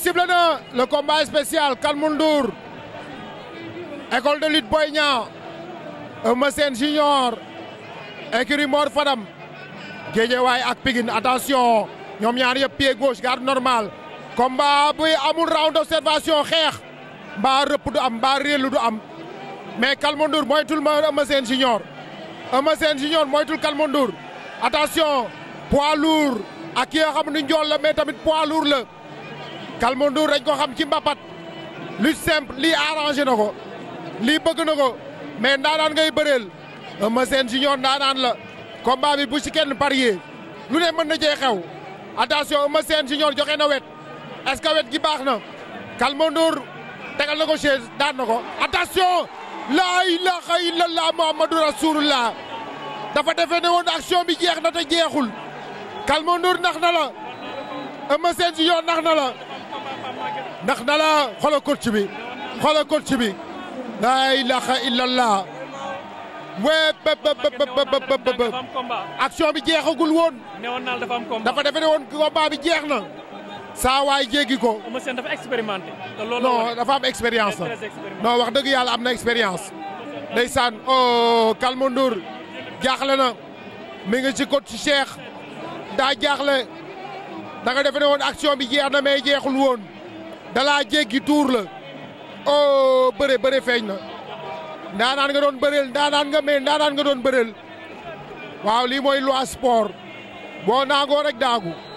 sifflé na le combat spécial Kalmoun de lutte Boy Niang Eumeu Sène junior écurie Mor Fadam Guédiawaye ak Pikine attention ñoom ñaar yëpp pied gauche garde normal combat bi amul round d'observation xeex mbaa rëpp du am mbaa réelu du am mais Kalmoun Ndour moytul ma Eumeu Sène junior Eumeu moytul Kalmoun Ndour attention poids ak ki nga njool la mais tamit poids lourd la Calme Ndour dañ ko xam ci mbapat lu simple lii arrangé na ko lii bëgg na ko mais ndaanaan ngay bëreel Eumeu Sène junior ndaanaan la combat bi bu ci kenn parier lu ne mën na jee xew attention Eumeu Sène junior joxe na wet est wet gi baax na Calme Ndour tegal na ko chaise daan na ko la la ilaha illallah muhammadu rasulullah dafa defee ne woon action bi jeex na te jeexul Calme nax na la Eumeu Sène junior nax na la ndax dala xoolal coach bi xoolal coach bi laa ilaha illallah wee ba ba ba ba action bi jeexagul woon. newoon naa dafa am combat dafa defe ne woon combat bi jeex na. saa waay jéggi ko. Eumeu Sène dafa expérimenté. te loolu non expérience la. wax dëgg yàlla am na expérience. ndeysaan oh Calme Ndour jaaxle na mi nga ci coach Cheikh daa jaaxle da nga defe ne woon action bi jeex na mais jeexul woon. dalaa jéggi tuur la oh bëre bëre feeñ na ndaanaan nga doon bëreel ndaanaan nga mais ndaanaan nga doon bëreel waaw lii mooy loi sport boo naagoo rek daagu.